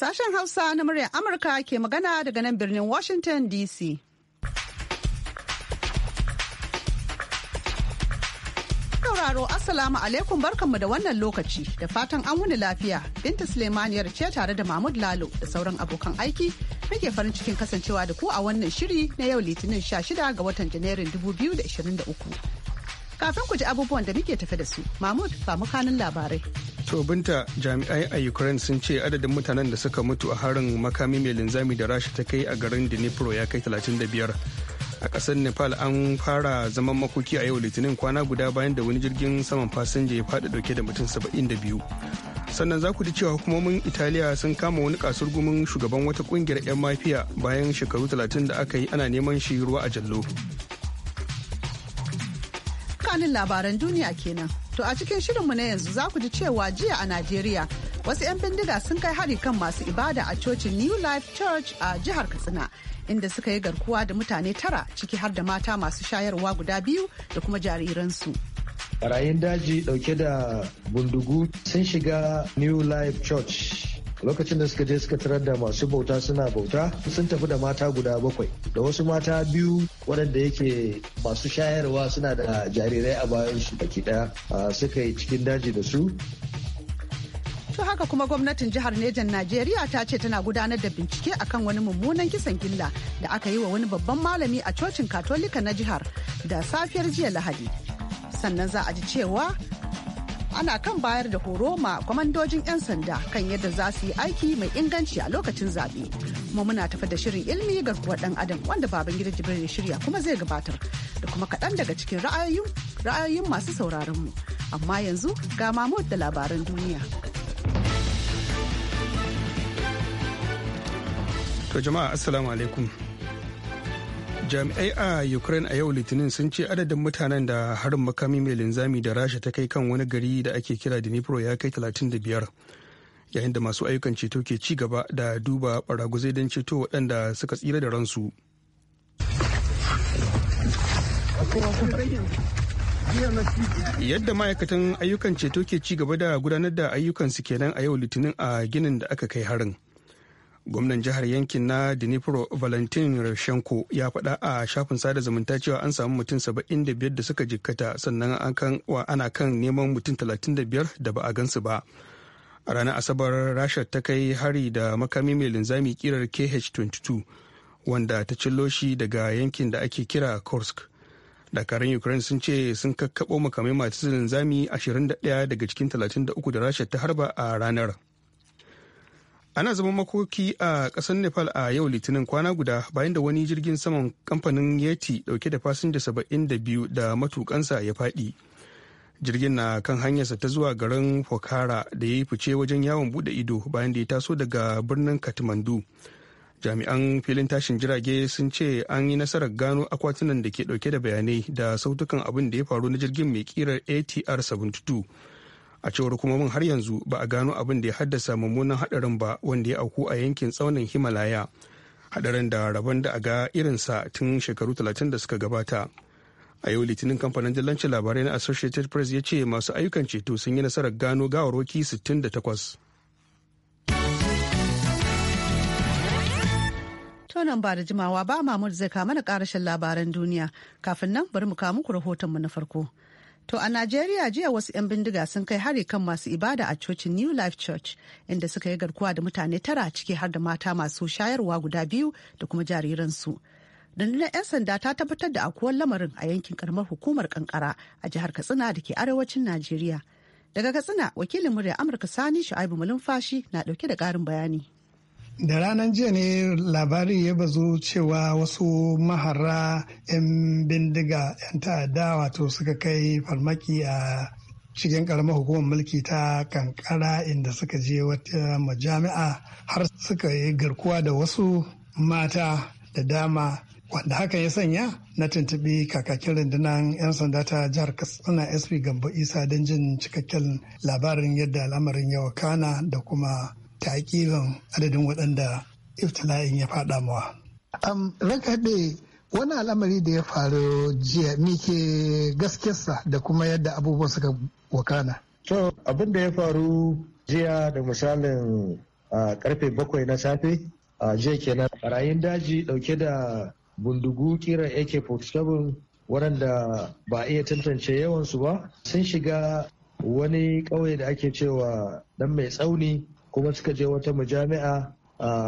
Sashen Hausa na muryar Amurka ke magana daga nan birnin Washington DC. Sauraro Assalamu alaikum barkanmu da wannan lokaci da fatan an wuni lafiya. Binta Suleimaniyar ce tare da Mahmud Lalo da sauran abokan aiki muke farin cikin kasancewa da ku a wannan shiri na yau Litinin 16 ga watan Janairun 2023. Kafin ku ji abubuwan da muke tafe da su, Mahmud ba kanin labarai. To binta jami'ai a Ukraine sun ce adadin mutanen da suka mutu a harin makami mai linzami da Rasha ta kai a garin Dnipro ya kai talatin da biyar A ƙasar Nepal an fara zaman makoki a yau Litinin kwana guda bayan da wani jirgin saman fasinja ya faɗi dauke da mutum 72. sannan za ku ji cewa hukumomin italiya sun kama wani gumin shugaban wata kungiyar 'yan mafiya bayan shekaru talatin da aka yi ana neman shi ruwa a jallo kanin labaran duniya kenan. To a cikin shirinmu na yanzu za ku ji cewa jiya a Najeriya wasu 'yan bindiga sun kai hari kan masu ibada a cocin New Life Church a jihar Katsina inda suka yi garkuwa da mutane tara ciki har da mata masu shayarwa guda biyu da kuma jariransu. Barayin daji dauke da bundugu sun shiga New Life Church lokacin da suka je suka tarar da masu bauta suna bauta sun tafi da mata guda bakwai da wasu mata biyu waɗanda yake masu shayarwa suna da jarirai a bayan su baki ɗaya suka yi cikin daji da su To haka kuma gwamnatin jihar Nejan Najeriya ta ce tana gudanar da bincike akan wani mummunan kisan gilla da aka yi wa wani babban malami a cocin katolika na jihar da safiyar jiya Lahadi. Sannan za a ji cewa ana kan bayar da horo ma kwamandojin 'yan sanda kan yadda za su yi aiki mai inganci a lokacin zaɓe. Kuma muna tafi da shirin ilmi garkuwar ɗan adam wanda baban gida Jibril shirya kuma zai gabatar da kuma kaɗan daga cikin ra'ayoyin masu sauraron mu. Amma yanzu ga Mahmud da labaran duniya. To jama'a assalamu alaikum. jami'ai a ukraine a yau litinin sun ce adadin mutanen da harin makami mai linzami da rasha ta kai kan wani gari da ake kira dnipro ya kai 35 yayin da masu ayyukan ceto ke ci gaba da duba baraguzai don ceto waɗanda suka tsira da ransu yadda ma'aikatan ayyukan ceto ke ci gaba da gudanar da ayyukansu kenan a yau litinin a ginin da aka kai harin gwamnan jihar yankin na dnipro valentin rashenko ya faɗa a shafin sada zumunta cewa an samu mutum 75 da suka jikkata sannan ana kan neman mutum 35 da ba a gansu ba a ranar asabar rasha ta kai hari da makami mai linzami kirar kh-22 wanda ta cillo shi daga yankin da ake kira kursk dakarun ukraine sun ce sun kakkaɓo makamai masu linzami 21 daga cikin 33 da rasha ta harba a ranar ana zama makoki a ƙasar nepal a yau litinin kwana guda bayan da wani jirgin saman kamfanin yeti dauke da fasinja saba'in da biyu da matukansa ya faɗi jirgin na kan hanyarsa ta zuwa garin fokara da ya yi fice wajen yawon bude ido bayan da ya taso daga birnin kathmandu jami'an filin tashin jirage sun ce an yi nasarar gano akwatunan da ke dauke da bayanai da sautukan abin da ya faru na jirgin mai kirar atr 72 a cewar kuma hukumomin har yanzu ba a gano abin da ya haddasa mummunan hadarin ba wanda ya auku a yankin tsaunin himalaya hadarin da rabon da a ga irinsa tun shekaru talatin da suka gabata a yau litinin kamfanin dillancin labarai na associated press ya ce masu ayyukan ceto sun yi nasarar gano gawarwaki 68 tunan ba da jimawa ba mamud zai kama da karashin labaran duniya kafin nan bari mu kawo muku rahotonmu na farko To a Najeriya jiya wasu 'yan bindiga sun kai hari kan masu ibada a cocin New Life Church inda suka yi garkuwa da mutane tara ciki har da mata masu shayarwa guda biyu da kuma jariransu. Rundunar 'yan sanda ta tabbatar da akuwar lamarin a yankin karamar hukumar kankara a jihar Katsina da ke arewacin Najeriya. Daga Katsina wakilin murya Amurka Sani Shu'aibu Malumfashi na dauke da ƙarin bayani. da ranar jiya ne labari ya bazu cewa wasu mahara 'yan bindiga 'yan ta'adda wato suka kai farmaki a cikin karamar hukumar mulki ta kankara inda suka je wata majami'a har suka yi garkuwa da wasu mata da dama wanda hakan ya sanya na tuntubi kakakin rundunar 'yan sanda ta jihar katsina sp gambo isa don jin cikakken labarin yadda al'amarin yawa kana da kuma taƙilan adadin waɗanda iftila'in ya faɗa mawa. Um, rakaɗe wani al'amari da ya faru jiya mike gaskiyarsa da kuma yadda abubuwan suka wakana. To abin da ya faru jiya da misalin karfe bakwai na safe a jiya kenan barayin daji dauke da bundugu kira AK-47 waɗanda ba a iya tantance yawansu ba sun shiga wani ƙauye da ake cewa dan mai tsauni kuma suka je wata majami'a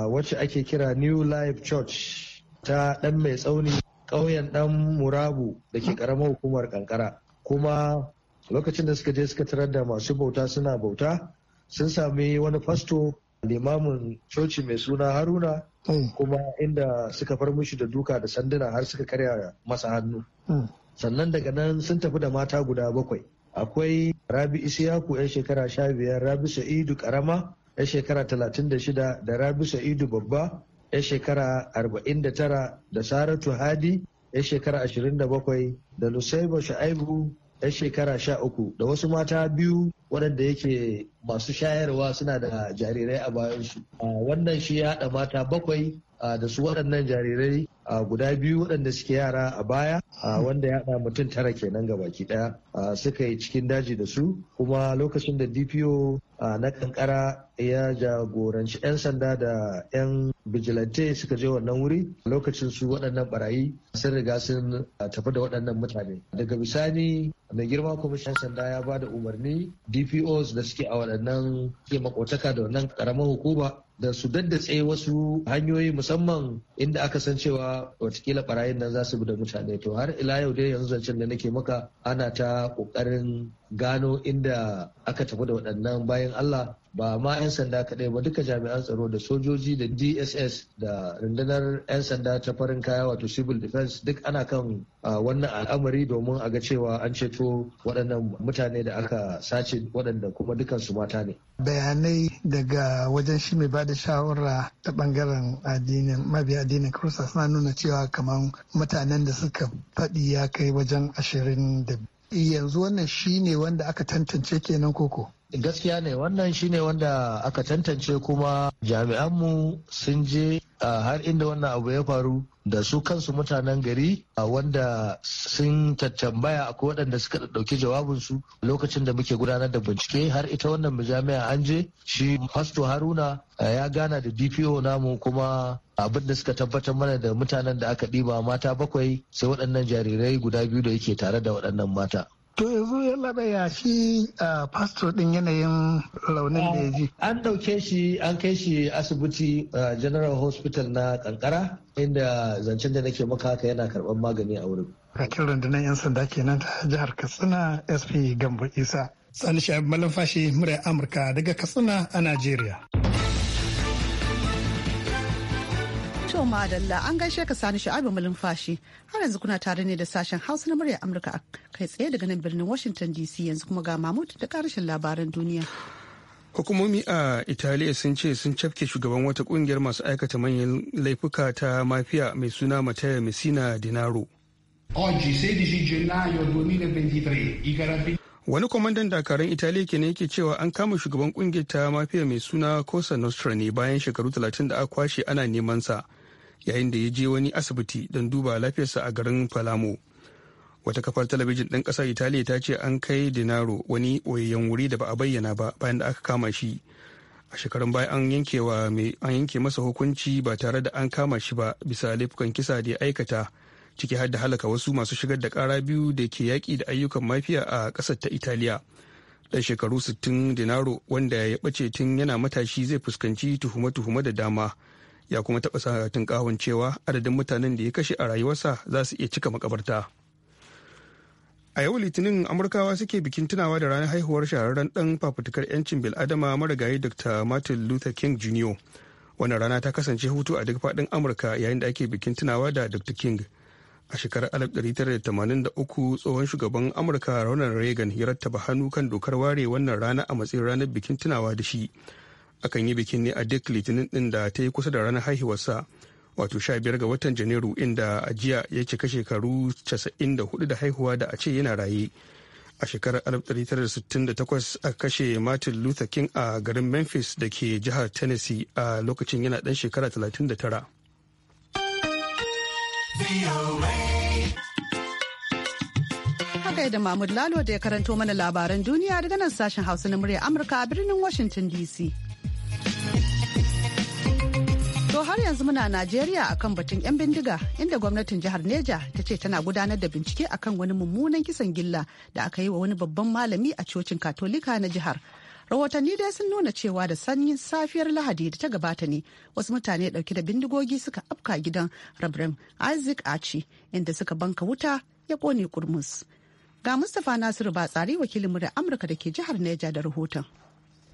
wacce ake kira new life church ta dan mai tsauni ƙauyen dan murabu da ke karamar hukumar kankara kuma lokacin da suka je suka tarar da masu bauta suna bauta sun sami wani fasto limamin coci mai suna haruna hmm. kuma inda suka far mushi da duka da sanduna har suka karya masa hannu hmm. sannan daga nan sun tafi da mata guda bakwai akwai rabi isiyaku yan shekara sha biyar rabi sa'idu karama 'yar shekara 36 da rabi sa'idu babba 'yar shekara 49 da saratu hadi 'yar shekara 27 da lusaiba sha'aibu 'yar shekara 13 da wasu mata biyu waɗanda yake masu shayarwa suna da jarirai a bayansu wannan shi ya haɗa mata bakwai da su waɗannan jarirai guda biyu waɗanda suke yara a baya wanda ya haɗa mutum tara kenan ga baki ɗaya suka yi cikin daji da su kuma lokacin da dpo na kankara ya jagoranci 'yan sanda da 'yan bijilante suka je wannan wuri lokacin su waɗannan barayi sun riga sun tafi da waɗannan mutane daga bisani mai girma kwamishin sanda ya ba da umarni dpos da suke a waɗannan ke makotaka da wannan ƙaramar hukuma da su daddatse wasu hanyoyi musamman inda aka san cewa watakila barayin nan za su bi da mutane to har ila yau dai yanzu zancen da nake maka ana ta kokarin gano inda aka tafi da waɗannan bayan Allah ba ma 'yan sanda kaɗai ba duka jami'an tsaro da sojoji da dss da rundunar 'yan sanda ta farin kaya wato civil defense duk ana kan wannan al'amari domin a ga cewa an ceto waɗannan mutane da aka sace waɗanda kuma dukansu mata ne bayanai daga wajen shi mai bada da shawara ta bangaren addinin mabiya addinin kirista suna nuna cewa kamar mutanen da suka faɗi ya kai wajen ashirin da yanzu wannan shine wanda aka tantance kenan koko gaskiya ne wannan shine wanda aka tantance kuma jami'anmu sun je har inda wannan abu ya faru da su kansu mutanen gari wanda sun tattambaya akwai waɗanda suka ɗauki jawabinsu lokacin da muke gudanar da bincike har ita wannan jami'a an je shi fasto haruna ya gana da dpo namu kuma abin da suka tabbatar mana da mutanen da aka ɗiba mata bakwai sai waɗannan jarirai guda biyu da yake tare da waɗannan mata To yanzu ya laɓa ya shi pastor ɗin yanayin raunin da ya ji. An ɗauke shi an kai shi asibiti General Hospital na kankara inda zancen da nake maka haka yana karɓar magani a wurin. Kakin rundunar 'yan sanda kenan ta jihar Katsina SP Gambo Isa. Sani Shahab Malamfashi murai Amurka daga Katsina a Najeriya. To madalla an gaishe ka sani sha'abu malumfashi har yanzu kuna tare ne da sashen hausa na murya Amurka kai tsaye daga nan birnin Washington DC yanzu kuma ga Mahmud da karshen labaran duniya. Hukumomi a Italiya sun ce sun cafke shugaban wata kungiyar masu aikata manyan laifuka ta mafiya mai suna Matteo Messina Dinaro. Oggi 16 gennaio 2023 wani kwamandan dakarun italiya ke ne yake cewa an kama shugaban kungiyar ta mafiya mai suna cosa nostra ne bayan shekaru 30 da aka kwashe ana neman sa yayin da ya je wani asibiti don duba lafiyarsa a garin Palermo. Wata kafar talabijin ɗin ƙasar Italiya ta ce an kai Dinaro wani ɓoyayyen wuri da ba a bayyana ba bayan da aka kama shi. A shekarun baya an yanke masa hukunci ba tare da an kama shi ba bisa laifukan kisa da ya aikata ciki har da halaka wasu masu shigar da ƙara biyu da ke yaƙi da ayyukan mafiya a ƙasar ta Italiya. ɗan shekaru sittin dinaro wanda ya ɓace tun yana matashi zai fuskanci tuhume-tuhume da dama ya kuma taɓa sanatun kahon cewa adadin mutanen da ya kashe a rayuwarsa za su iya cika makabarta a yau litinin amurkawa suke bikin tunawa da ranar haihuwar shahararren dan fafutukar 'yancin bil'adama marigayi dr martin luther king jr wannan rana ta kasance hutu a duk faɗin amurka yayin da ake bikin tunawa da dr king a shekarar 1983 tsohon shugaban amurka ronald reagan ya rattaba hannu kan dokar ware wannan rana a matsayin ranar bikin tunawa da shi akan yi bikin ne a duk litinin din da ta yi kusa da ranar haihuwarsa wato sha biyar ga watan janairu inda ajiya ya cika shekaru 94 da haihuwa da a ce yana raye a shekarar 1968 a kashe martin luther king a garin memphis da ke jihar tennessee a lokacin yana dan shekara 39 haka da mahmud lalo da ya karanto mana labaran duniya daga nan sashen hausa na murya amurka a birnin washington dc har yanzu muna Najeriya akan batun 'yan bindiga inda gwamnatin jihar Neja ta ce tana gudanar da bincike akan wani mummunan kisan gilla da aka yi wa wani babban malami a cocin Katolika na jihar. Rahotanni dai sun nuna cewa da sanyin safiyar Lahadi da ta gabata ne wasu mutane dauke da bindigogi suka afka gidan Rabram Isaac achi inda suka banka wuta ya kone kurmus. Ga Mustapha Nasiru ba tsari wakilin da Amurka da ke jihar Neja da rahoton.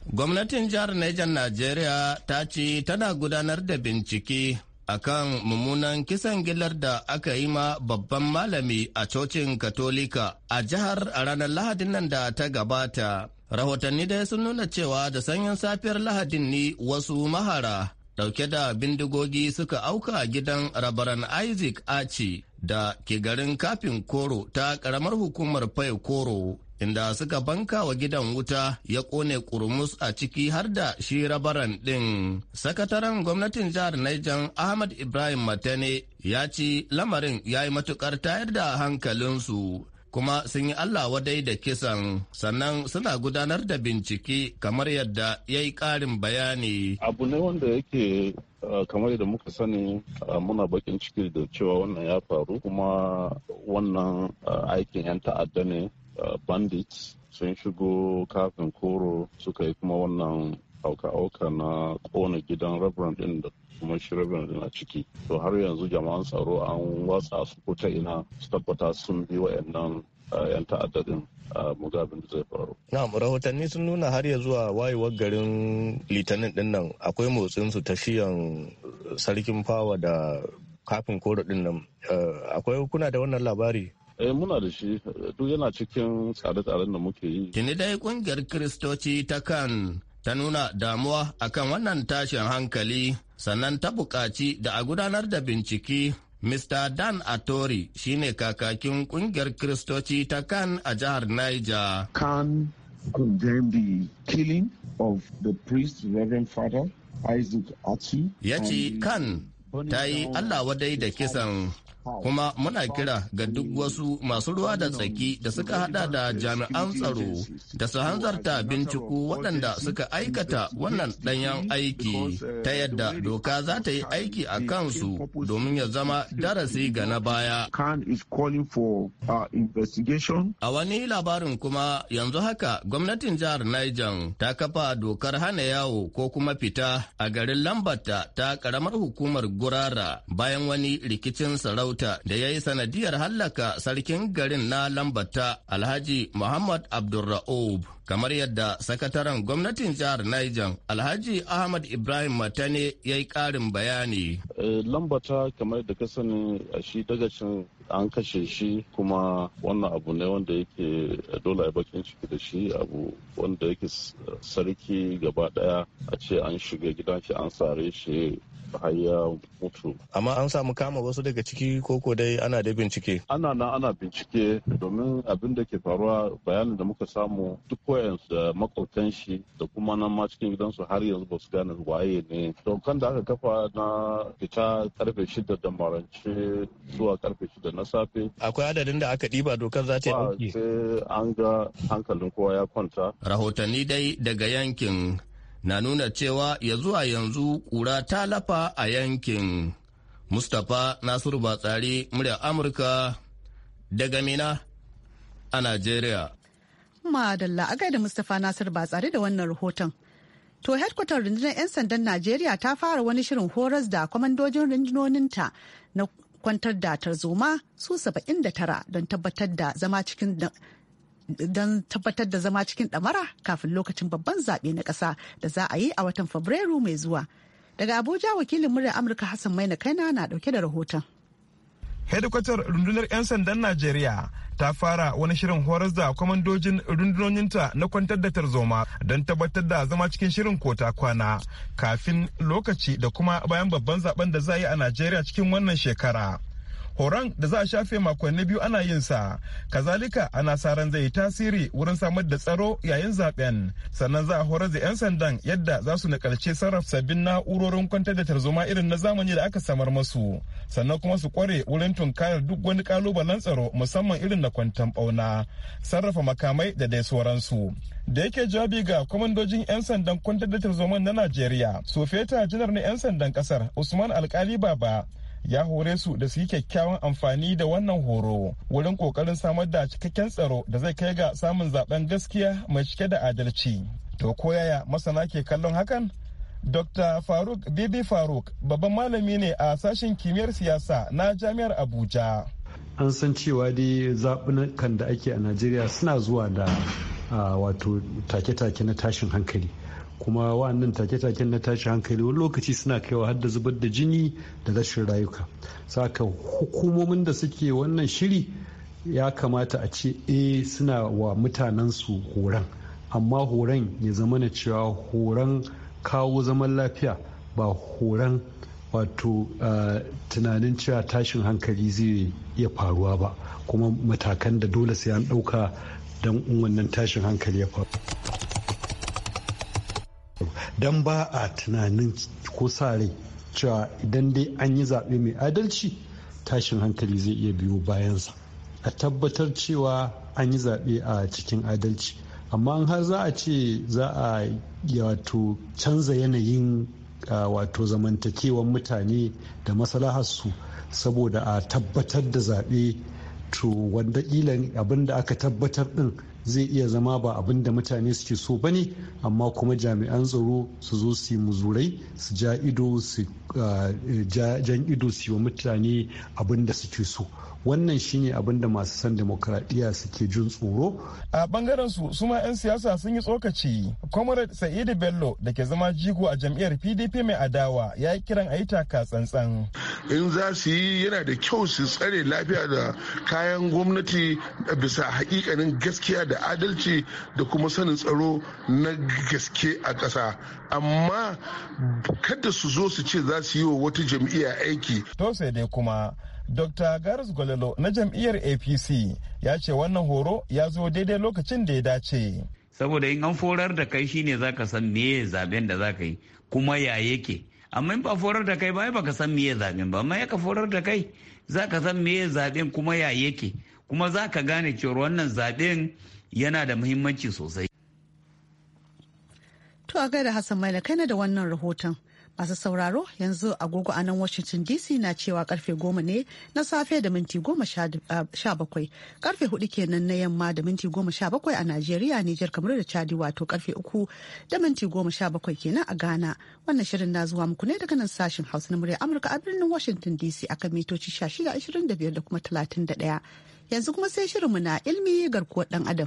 Gwamnatin jihar Niger Najeriya ta ce tana gudanar da bincike a kan mummunan kisan gilar da aka yi ma babban malami a cocin katolika a jihar a ranar lahadin nan da ta gabata rahotanni dai sun nuna cewa da sanyin safiyar lahadin ne wasu mahara dauke da bindigogi suka auka gidan rabaran isaac aci da ke garin kafin koro ta karamar hukumar fai koro inda suka banka wa gidan wuta ya kone kurmus a ciki har da shi rabaran ɗin. Sakataren gwamnatin jihar Niger Ahmad Ibrahim Matane ya ci lamarin ya yi matukar tayar da hankalinsu. kuma sun yi Allah wadai da kisan sannan suna gudanar da bincike kamar yadda ya yi ƙarin bayani. Abu ne wanda yake kamar yadda muka sani muna bakin ciki da cewa wannan ya faru kuma wannan aikin 'yan ta'adda ne Uh, bandits sun shigo kafin koro suka yi kuma wannan auka-auka na kona gidan reverend din da kuma shi reverend din a ciki to har yanzu jama'an tsaro an watsa su ko ta ina su tabbata sun bi wa'annan yan uh, ta'adda din uh, mu da zai faru. Na'am rahotanni sun nuna har ya zuwa wayewar garin litinin din nan akwai motsinsu su ta shiyan sarkin fawa da kafin koro din nan akwai kuna da wannan labari Eh muna da shi duk yana cikin tsare-tsaren da muke yi. Tini dai kungiyar Kiristoci ta kan ta nuna damuwa akan wannan tashin hankali sannan ta buƙaci da a gudanar da bincike Mr. Dan Atori shine kakakin kungiyar Kiristoci ta kan a jihar Niger. Kan the killing of Ya ce kan ta yi Allah wadai da kisan Kuma muna kira ga duk wasu masu ruwa da tsaki da suka hada da jami'an tsaro da su hanzarta binciku waɗanda suka aikata wannan ɗanyen aiki ta yadda doka za ta yi aiki a kansu domin ya zama darasi ga na baya. Uh, a wani labarin kuma yanzu haka gwamnatin jihar Niger ta kafa dokar hana yawo ko kuma fita a garin Lambata ta ƙaramar hukumar Gurara bayan wani rikicin sarauta. Bauta da ya yi sanadiyar hallaka sarkin garin na lambata alhaji muhammad abdulra'ub kamar yadda sakataren gwamnatin jihar niger alhaji ahmad ibrahim matane ya yi ƙarin bayani eh, lambata kamar da ka sani a shi daga dagacin an kashe shi kuma wannan abu ne wanda yake eh, dole a bakin ciki da shi abu wanda yake sarki gaba daya a ce an shiga gidan shi an sare shi har ya mutu. Amma an samu kama wasu daga ciki koko dai ana da bincike? Ana na ana bincike domin abin da ke faruwa bayanin da muka samu duk wayansu da makautan shi da kuma nan ma cikin gidansu har yanzu ba su gane waye ne. Dokan da aka kafa na fita karfe shida da marance zuwa karfe shida na safe. Akwai adadin da aka ɗiba dokar za ta yi aiki. Sai an ga hankalin kowa ya kwanta. Rahotanni dai daga yankin na nuna cewa ya zuwa yanzu kura ta lafa a yankin. Mustapha Nasiru Batsari murya Amurka daga Mina a Najeriya. Madalla a gaida Mustapha Nasiru Batsari da wannan rahoton. To hedkwatar rundunar 'yan sandan Najeriya ta fara wani shirin horas da kwamandojin rundunoninta na kwantar da tarzoma su 79 don tabbatar da zama cikin don tabbatar da zama cikin ɗamara kafin lokacin babban zaɓe na ƙasa da za a yi a watan fabrairu mai zuwa daga abuja wakilin murya amurka hassan maina kaina na ɗauke da rahoton hedikwatar rundunar 'yan sandan najeriya ta fara wani shirin horar da kwamandojin rundunoninta na kwantar da tarzoma don tabbatar da zama cikin shirin kota kwana kafin lokaci da kuma bayan babban zaben da za a yi a najeriya cikin wannan shekara horon da za a shafe makonni biyu ana yin sa kazalika ana sa ran zai tasiri wurin samar da tsaro yayin zaben sannan za a horar da 'yan sandan yadda za su nakalce sarraf sabbin na'urorin kwantar da tarzoma irin na zamani da aka samar masu sannan kuma su kware wurin tunkarar duk wani kalubalen tsaro musamman irin na kwantan bauna sarrafa makamai da dai sauransu da yake jawabi ga kwamandojin 'yan sandan kwantar da tarzoman na najeriya sofeta janar na 'yan sandan kasar usman alkali baba ya hore su da su yi kyakkyawan amfani da wannan horo wurin kokarin samar da cikakken tsaro da zai kai ga samun zaben gaskiya mai cike da adalci to koyaya masana ke kallon hakan dr faruk bibi faruk babban malami ne a sashen kimiyyar siyasa na jami'ar abuja an san cewa dai zaɓunan da ake a najeriya suna zuwa da wato take-take na tashin hankali kuma wa'annan take-taken na tashi hankali wani lokaci suna kaiwa har da zubar da jini da rashin rayuka saka hukumomin da suke wannan shiri ya kamata a ce eh suna wa mutanensu horan, amma horan ya zama na cewa horan kawo zaman lafiya ba horan wato tunanin cewa tashin hankali zai iya faruwa ba kuma matakan da dole sai an ɗauka don wannan tashin hankali ya faru. don ba a tunanin ko sa rai cewa idan dai an yi zaɓe mai adalci tashin hankali zai iya biyo bayansa a tabbatar cewa an yi zaɓe a cikin adalci amma har za a ce za a wato canza yanayin wato zamantakewan mutane da maslaharsu saboda a tabbatar da zaɓe to wanda abin da aka tabbatar din. zai iya zama ba abin da mutane suke so ba ne amma kuma jami'an tsaro su zo su yi muzurai su ja ido su ah, eh, jan ido su yi wa mutane abin da suke so wannan shine abin da masu san demokradiyya suke jin tsoro a bangaren su suma 'yan siyasa sun yi tsokaci comrade sa'idu bello da ke zama jigo a jam'iyyar pdp mai adawa ya yi kiran a yi taka tsantsan in za su yi yana da kyau su tsare lafiya da kayan gwamnati bisa hakikanin gaskiya da adalci da kuma sanin tsaro na gaske a ƙasa amma kada su zo su ce za su yi wa wata jam'iyya aiki to sai dai kuma dr garis gwalolo na jam'iyyar apc ya ce wannan horo ya zo daidai lokacin da ya dace saboda in an forar da kai shine zaka san meye zaben da zaka yi kuma ya yake amma in ba forar da kai ba ka san meye zaben ba amma ya ka forar da kai za ka san meye zaɓen kuma ya yake kuma za ka gane cewa wannan zaɓen yana da muhimmanci sosai to a gaida hassan maila kai na da wannan rahoton Masu sauraro yanzu agogo a nan Washington DC na cewa karfe goma ne na safe da minti goma ah, sha bakwai. Karfe hudu kenan na yamma da minti goma sha bakwai a Najeriya, Nijar, kamar da Chadi wato karfe uku da minti goma sha bakwai kenan a Ghana. Wannan shirin na zuwa muku ne daga nan sashen Hausa na murya Amurka a birnin Washington DC a kan mitoci shida ashirin da kuma 31. Yanzu kuma sai shirin mu na ilmi garkuwar dan Adam.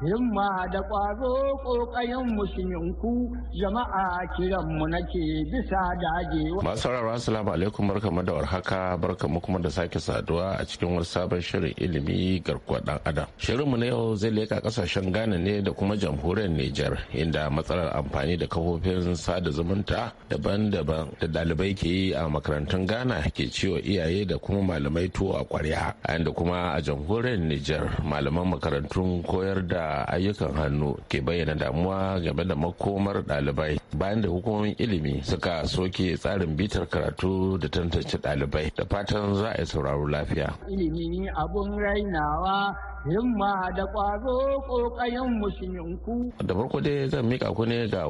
himma da ƙwazo ƙoƙayen musulminku jama'a kiranmu nake bisa dage Masu sauraro assalamu alaikum barkamu da warhaka barkamu kuma da sake saduwa a cikin wani sabon shirin ilimi garkuwa ɗan adam. Shirinmu na yau zai leƙa ƙasashen Ghana ne da kuma jamhuriyar Nijar inda matsalar amfani da kafofin sada zumunta daban-daban da ɗalibai ke yi a makarantun Ghana ke ciwo iyaye da kuma malamai tuwo a kwarya. A yanda kuma a jamhuriyar Nijar malaman makarantun koyar da ayyukan hannu ke bayyana damuwa game da makomar ɗalibai bayan da hukumomin ilimi suka soke tsarin bitar karatu da tantance ɗalibai da fatan za a yi sauraro lafiya. Ilimi abun rainawa himma da ƙwazo Da farko dai zan mika ku ne ga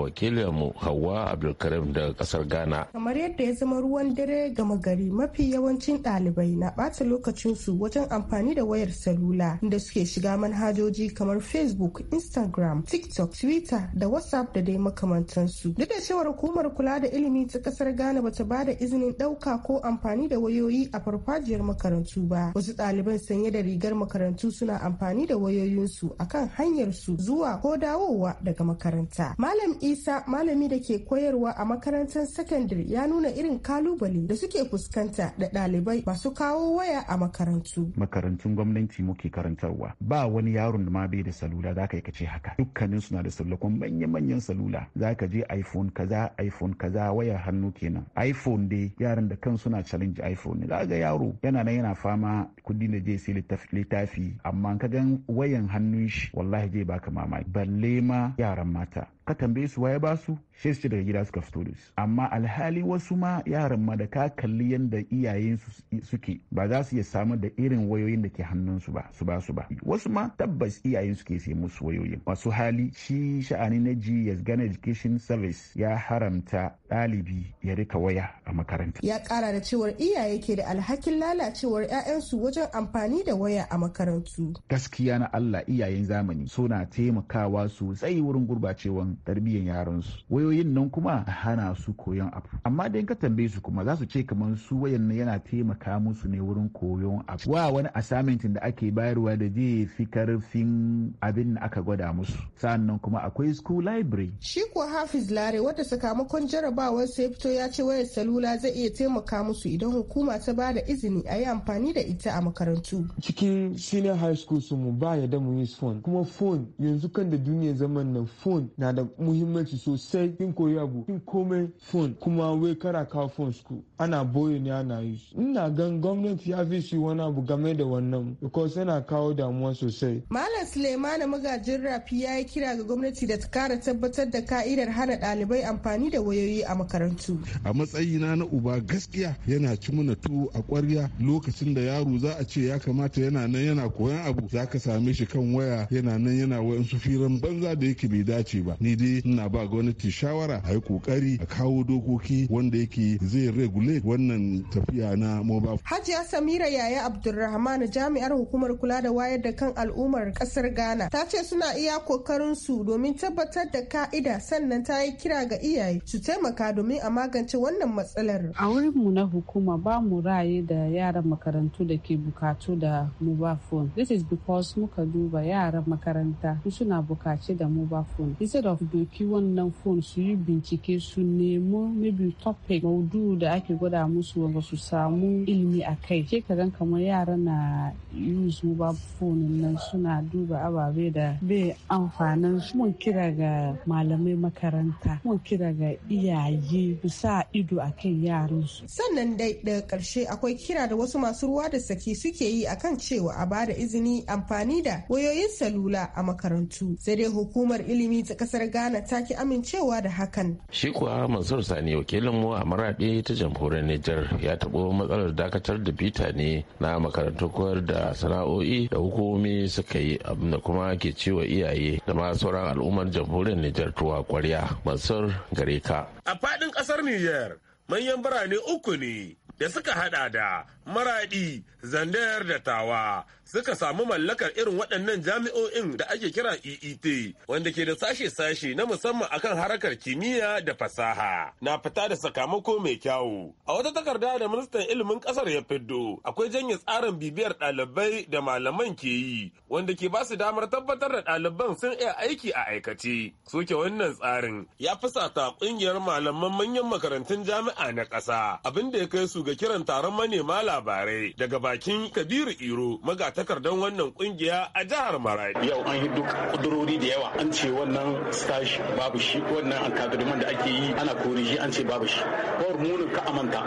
mu Hauwa Abdulkarim da ƙasar Ghana. Kamar yadda ya zama ruwan dare gama gari mafi yawancin ɗalibai na ɓata su wajen amfani da wayar salula da suke shiga manhajoji kamar Facebook, Instagram, TikTok, Twitter da WhatsApp da dai makamantansu. Duk da cewar hukumar kula da ilimi ta ƙasar Ghana bata ba da izinin ɗauka ko amfani da wayoyi a farfajiyar makarantu ba. Wasu ɗaliban sanye da rigar makarantu suna amfani da wayoyinsu a kan hanyarsu zuwa ko dawowa daga makaranta. Malam Isa malami da ke koyarwa a makarantar sakandare ya nuna irin kalubale da suke fuskanta da ɗalibai masu kawo waya a makarantu. Makarantun gwamnati muke karantarwa ba wani yaron da ma bai da salula za ka yi kace haka dukkanin suna da salula kuma manya-manyan salula za ka je iPhone kaza iPhone kaza wayar hannu kenan iPhone dai yaran da kan suna challenge iPhone ne za ga yaro yana nan yana fama kudi da je sai littafi amma amma ka gan wayan hannun shi wallahi zai baka mamaki balle ma yaran mata ka tambaye su waye ba su shi su daga gida suka fito da su amma alhali wasu ma yaran ma da ka kalli yadda iyayen su suke ba za su iya samar da irin wayoyin da ke hannun su ba su ba su ba wasu ma tabbas iyayen su ke sai musu wayoyin masu hali shi sha'ani na GS Ghana Education Service ya haramta ɗalibi ya rika waya a makaranta ya kara da cewar iyaye ke da alhakin lalacewar 'ya'yansu wajen amfani da waya a makarantu gaskiya na Allah iyayen zamani suna taimakawa sosai wurin gurbacewan tarbiyyar yaran su wayoyin nan kuma hana su koyon abu amma dai ka tambaye su kuma za su ce kamar su wayan nan yana taimaka musu ne wurin koyon abu wa wani assignment da ake bayarwa da zai fi karfin abin da aka gwada musu sannan kuma akwai school library shi ko hafiz lare wanda sakamakon jarabawar sai fito ya ce wayar salula zai iya taimaka musu idan hukuma ta ba da izini a yi amfani da ita a makarantu cikin senior high school su mu ba ya da mu yi phone kuma phone yanzu kan da duniyar zaman nan phone na da muhimmanci sosai in koyi abu in komai phone kuma wai kara kawo phone school ana boye ne ana yi ina gan gwamnati ya fi su wani abu game da wannan because yana kawo damuwa sosai malam suleimana magajin rafi ya yi kira ga gwamnati da ta kara tabbatar da ka'idar hana ɗalibai amfani da wayoyi a makarantu a matsayina na uba gaskiya yana ci mana tuwo a kwarya lokacin da yaro za a ce ya kamata yana nan yana koyan abu za ka same shi kan waya yana nan yana wayansu firan banza da yake bai dace ba ni dai ina ba gwamnati shawara a yi ƙoƙari a kawo dokoki wanda yake zai regula kalli wannan tafiya na mobile. Hajiya Samira Yaya Abdulrahman jami'ar hukumar kula da wayar da kan al'ummar kasar Ghana ta ce suna iya kokarin su domin tabbatar da ka'ida sannan ta yi kira ga iyaye su taimaka domin a magance wannan matsalar. A wurin mu na hukuma ba mu raye da yaran makarantu da ke bukatu da mobile phone. This is because muka duba yaran makaranta suna bukaci da mobile phone. Instead of doki wannan phone su yi bincike su nemo maybe topic maudu da ake gwada musu ba su samu ilimi a kai ke ka gan kamar yara na use mobile phone nan suna duba ababe da bai amfanin su mun kira ga malamai makaranta mun kira ga iyaye su sa ido a kan yaran su sannan dai daga karshe akwai kira da wasu masu ruwa da saki suke yi akan cewa a bada izini amfani da wayoyin salula a makarantu sai dai hukumar ilimi ta kasar ghana ta ki amincewa da hakan shi kuwa mansur sani wakilin mu a maraɗe ta jamhuriyar jamhuriyar Nijar ya taɓo matsalar dakatar da bita ne na makarantu koyar da sana'o'i da hukumomi suka yi abinda kuma ke cewa iyaye da ma sauran al'ummar jamhuriyar Nijar tuwa kwarya Mansur gare ka. A faɗin ƙasar Nijar manyan birane uku ne da suka hada da maradi zandayar da tawa suka samu mallakar irin waɗannan jami'o'in da ake kira EET wanda ke da sashe-sashe na musamman akan harakar kimiyya da fasaha na fita da sakamako mai kyawu. A wata takarda da ministan ilimin ƙasar ya fiddo akwai janye tsarin bibiyar ɗalibai da malaman ke yi wanda ke ba su damar tabbatar da ɗaliban sun iya aiki a aikace. Soke wannan tsarin ya fusata ƙungiyar malaman manyan makarantun jami'a na ƙasa abin da ya kai su ga kiran taron manema labarai daga bakin Kabiru Iro magatakardan wannan kungiya a jihar Maradi. Yau an yi duk kudurori da yawa an ce wannan stash babu shi wannan antadirman da ake yi ana kori shi an ce babu shi. Kawar munin ka amanta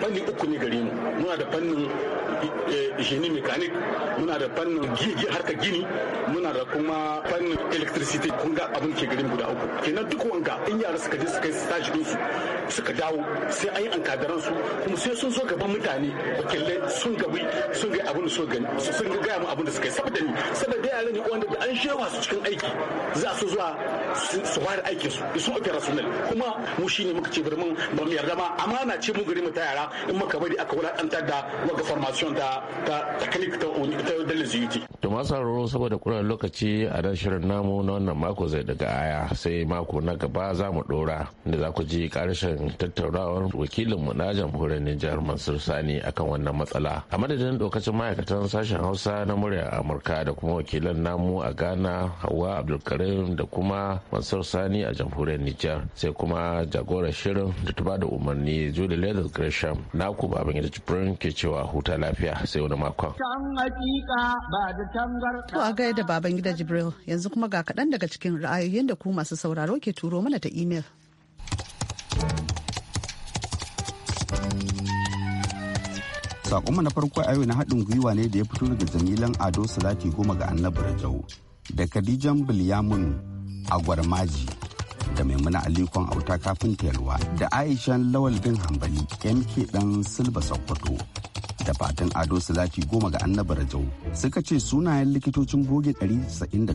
fanni uku ne gare mu muna da fannin jini eh, mekanik muna da fannin gigi harka gini muna da kuma fannin electricity kun ga abin ke garin guda uku kenan duk wanka in yara suka je suka yi stash din su suka dawo sai an yi antadirman su kuma sai su sun so gaban mutane wakilai sun gabi sun ga abin so gani sun ga gaya mu abin da suka yi saboda ni saboda yaran ne wanda an shewa su cikin aiki za su zuwa su fara aikin su isu operational kuma mu shine muka ce birnin ba mu yarda ma amana ce mu gari mu ta yara in muka bari aka wulakantar da waga formation ta ta taklik ta ta dalilin to masu sauraro saboda kuran lokaci a dan shirin namu na wannan mako zai daga aya sai mako na gaba za mu dora inda za ku ji karshen tattaunawar wakilinmu na jamhuriyar Nijar jihar Mansur Sani akan wannan matsala. A madadin dokacin ma'aikatan sashen Hausa na murya Amurka da kuma wakilan namu a Ghana Hawa Abdulkarim da kuma Mansur Sani a jamhuriyar Nijar sai kuma jagorar shirin da ta bada umarni Julie Leather Gresham na ku baban da Jibrin ke cewa huta lafiya sai wani makon. To a gaida baban gida Jibril yanzu kuma ga kaɗan daga cikin ra'ayoyin da ku masu sauraro ke turo mana ta imel. Sakonmu na farko a yau na haɗin gwiwa ne da ya fito daga jamilan Ado Salati goma ga Annabi Rajau da Khadijan Bilyamun a Gwarmaji da Maimuna Alikon Auta kafin Telwa da aishan Lawal bin Hambali MK dan Silba Sokoto da fatan Ado Salati goma ga Annabi Rajau suka ce sunayen likitocin goge 199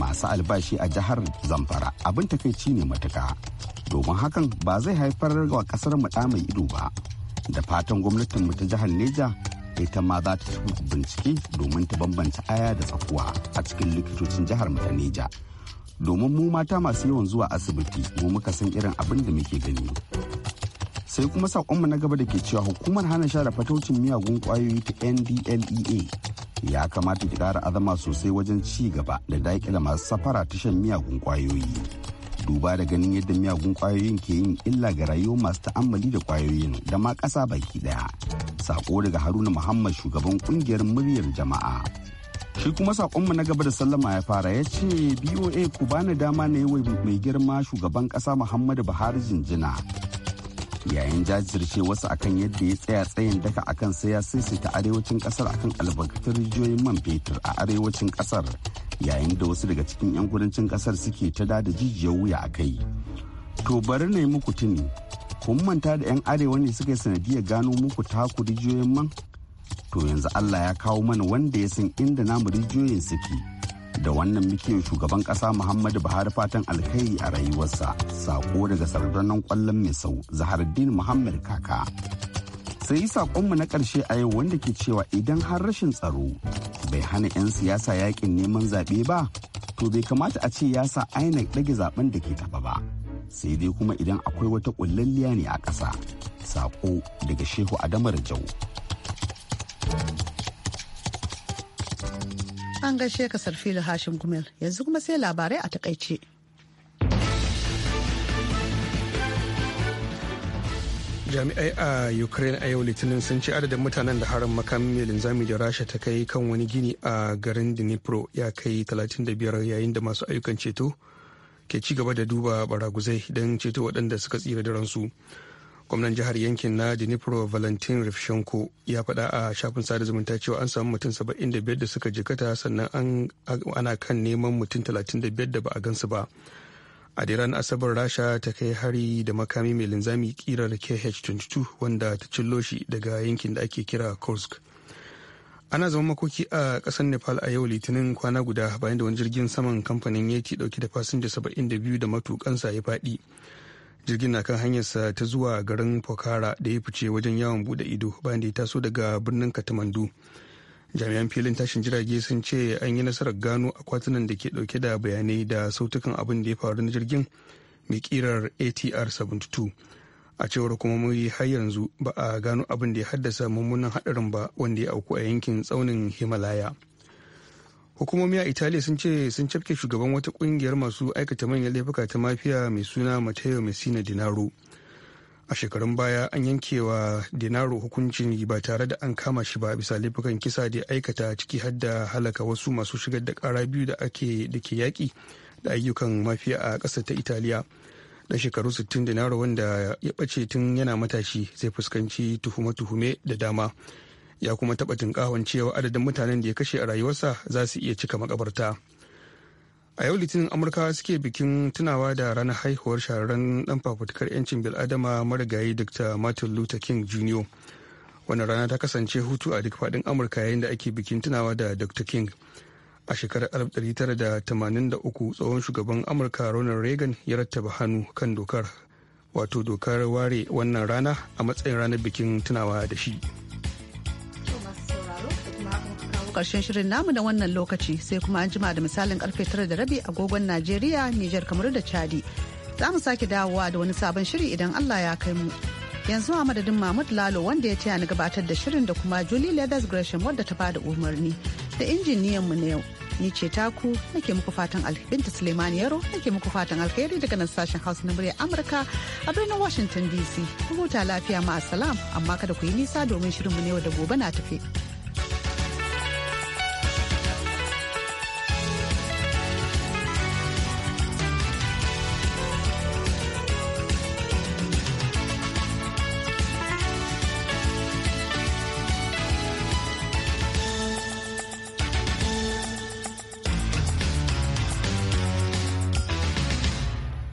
masu albashi a jihar Zamfara abin takaici ne matuka domin hakan ba zai haifar wa kasar mu mai ido ba. da fatan gwamnatinmu ta jihar neja ita ma za ta ci bincike domin ta bambanta aya da tsakuwa a cikin likitocin jihar mu ta neja domin mu mata masu yawan zuwa asibiti mu muka san irin abin da muke gani sai kuma saƙonmu na gaba da ke cewa hukumar hana share fataucin miyagun ƙwayoyi ta ndlea ya kamata ki ƙara azama sosai wajen ci gaba da daƙile masu safara ta shan miyagun ƙwayoyi duba da ganin yadda miyagun kwayoyin ke yin illa ga rayuwar masu ta'ammali da kwayoyin da ma ƙasa baki ɗaya sako daga haruna muhammad shugaban kungiyar muryar jama'a shi kuma sakonmu na gaba da sallama ya fara ya ce boa ku bani dama na yi mai girma shugaban ƙasa muhammadu buhari jinjina yayin jajirce wasu akan yadda ya tsaya tsayin daka akan sai ya saisaita arewacin kasar akan albarkatun rijiyoyin man fetur a arewacin kasar yayin da wasu daga cikin 'yan kudancin kasar suke ta da jijiyar wuya a kai to bari na yi muku tuni kun manta da 'yan arewa ne suka yi sanadiyar gano muku ta ku rijiyoyin man to yanzu allah ya kawo mana wanda ya san inda namu rijiyoyin suke da wannan muke shugaban kasa muhammadu buhari fatan alkhairi a rayuwarsa sako daga sardanan kwallon mai sau zahardin muhammad kaka sai yi sakonmu na ƙarshe a yau wanda ke cewa idan har rashin tsaro bai hana 'yan siyasa yakin neman zaɓe ba to bai kamata a ce ya sa inec ɗage zaben da ke taɓa ba sai dai kuma idan akwai wata ƙullalliya ne a ƙasa saƙo daga shehu adamar jau an gaishe ka sarfilu hashim gumel yanzu kuma sai labarai a takaice jami'ai a ukraine a yau litinin sun ce adadin mutanen da harin makamin mai linzami da rasha ta kai kan wani gini a garin dnipro ya kai 35 yayin da masu ayyukan ceto ke ci gaba da duba baraguzai don ceto waɗanda suka tsira da ransu gwamnan jihar yankin na dnipro valentin rifshenko ya faɗa a shafin sada zumunta cewa an samu mutum 75 da suka jikata sannan ana kan neman mutum 35 da ba a gansu ba. a daren asabar rasha ta kai hari da makami mai linzami kirar kh-22 wanda ta cillo shi daga yankin da ake kira kursk ana zama makoki a kasar nepal a yau litinin kwana guda bayan da wani jirgin saman kamfanin yeti dauke da fasinja 72 da matukansa ya fadi jirgin na kan hanyarsa ta zuwa garin pokhara da ya fice wajen yawon bude ido bayan da ya taso daga birnin katamandu jami'an filin tashin jirage sun ce an yi nasarar gano akwatunan da ke dauke da bayanai da sautukan abin da ya faru na jirgin mai kirar atr 72 a cewar kuma mai har yanzu ba a gano abin da ya haddasa mummunan hadarin ba wanda ya auku a yankin tsaunin himalaya hukumomi a italiya sun ce sun cafke shugaban wata kungiyar masu aikata manyan laifuka ta mafiya mai suna mateo messina dinaro a shekarun baya an yanke wa dinaro hukuncin ba tare da an kama shi ba bisa laifukan kisa da aikata ciki har da halaka wasu masu shigar da kara biyu da ake da ke yaƙi da ayyukan mafiya a ƙasar ta italiya da shekaru 60 dinaro wanda ya ɓace tun yana matashi zai fuskanci tuhume-tuhume da dama ya kuma taɓa tunƙahon cewa adadin mutanen da ya kashe a rayuwarsa za su iya cika makabarta. a yau litinin amurka suke bikin tunawa da ranar haihuwar shahararren dan fafutukar 'yancin bil'adama marigayi dr martin luther king jr wannan rana ta kasance hutu a duk faɗin amurka yayin da ake bikin tunawa da dr king a shekarar 1983 tsohon shugaban amurka ronald reagan ya rattaba hannu kan dokar wato dokar ware wannan rana a matsayin ranar bikin tunawa da shi. karshen shirin namu da wannan lokaci sai kuma an jima da misalin karfe tara da rabi agogon Najeriya, Nijar, kamar da Chadi. Za mu sake dawowa da wani sabon shiri idan Allah ya kai mu. Yanzu a madadin Mahmud Lalo wanda ya taya ni gabatar da shirin da kuma Julie Leathers Gresham wadda ta bada umarni da injiniyan mu na yau. Ni ce taku nake muku fatan alhibinta Suleiman Yaro nake muku fatan alkhairi daga nan sashen Hausa na murya Amurka a birnin Washington DC. Huta lafiya ma amma kada ku yi nisa domin shirin mu na yau da gobe na tafe.